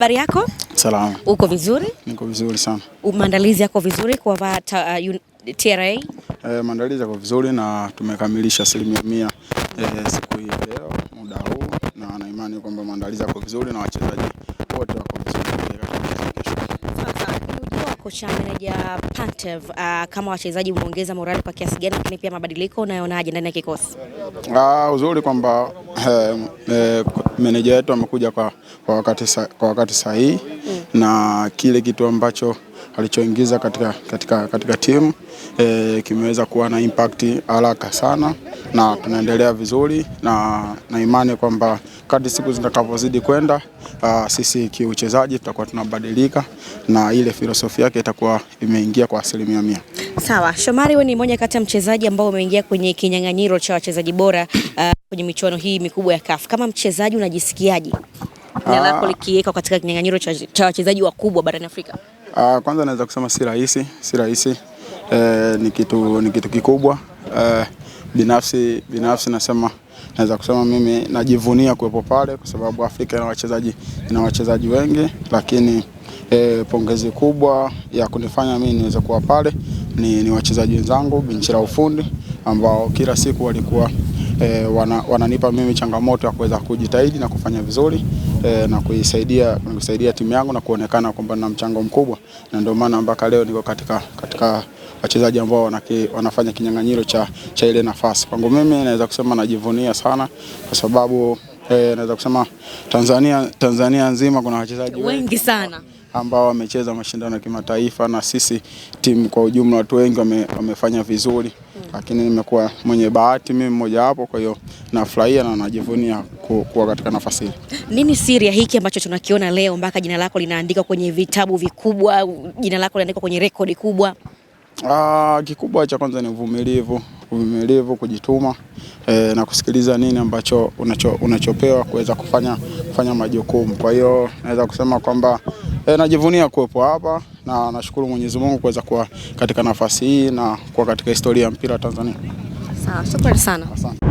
Habari yako? Salama. Uko vizuri? Niko vizuri sana. Maandalizi yako vizuri kwa va TRA? Uh, eh, maandalizi yako vizuri na tumekamilisha asilimia mia eh, siku hii leo muda huu na na imani kwamba maandalizi yako vizuri na wachezaji wote wako vizuri. Kocha meneja Pantev, uh, kama wachezaji umeongeza morali kwa kiasi gani, lakini pia mabadiliko unayoonaje ndani ya kikosi? Ah, uzuri kwamba eh, eh, meneja wetu amekuja kwa, kwa wakati, kwa wakati sahihi mm. na kile kitu ambacho alichoingiza katika, katika, katika timu e, kimeweza kuwa na impact haraka sana na tunaendelea vizuri na, na imani kwamba kadri siku zitakavyozidi kwenda sisi kiuchezaji tutakuwa tunabadilika na ile filosofi yake itakuwa imeingia kwa asilimia mia. Sawa, Shomari, wewe ni mmoja kati ya mchezaji ambao umeingia kwenye kinyang'anyiro cha wachezaji bora uh, kwenye michuano hii mikubwa ya CAF. Kama mchezaji unajisikiaje jina lako ah. likiwekwa katika kinyang'anyiro cha wachezaji wakubwa barani Afrika? Uh, kwanza naweza kusema si rahisi, si rahisi e, ni kitu ni kitu kikubwa e, binafsi binafsi nasema naweza kusema mimi najivunia kuwepo pale kwa sababu Afrika ina wachezaji ina wachezaji wengi, lakini eh, pongezi kubwa ya kunifanya mimi niweze kuwa pale ni, ni wachezaji wenzangu benchi la ufundi ambao kila siku walikuwa e, wana, wananipa mimi changamoto ya kuweza kujitahidi na kufanya vizuri e, na kuisaidia kuisaidia timu yangu na kuonekana kwamba na mchango mkubwa, na ndio maana mpaka leo niko katika, katika wachezaji ambao wanaki, wanafanya kinyang'anyiro cha, cha ile nafasi. Kwangu mimi naweza kusema najivunia sana kwa sababu eh, naweza kusema Tanzania, Tanzania nzima kuna wachezaji wengi sana ambao wamecheza mashindano ya kimataifa na sisi timu kwa ujumla, watu wengi wame, wamefanya vizuri, hmm. lakini nimekuwa mwenye bahati mimi mmoja wapo. Kwa hiyo nafurahia na najivunia kuwa katika nafasi hii. Nini siri ya hiki ambacho tunakiona leo mpaka jina lako linaandikwa kwenye vitabu vikubwa, jina lako linaandikwa kwenye rekodi kubwa? Ah, kikubwa cha kwanza ni uvumilivu, uvumilivu, kujituma e, na kusikiliza nini ambacho unacho, unachopewa kuweza kufanya, kufanya majukumu. Kwa hiyo naweza kusema kwamba e, najivunia kuwepo hapa na nashukuru Mwenyezi Mungu kuweza kuwa katika nafasi hii na kuwa katika historia ya mpira Tanzania. Sawa, shukrani sana. Asante.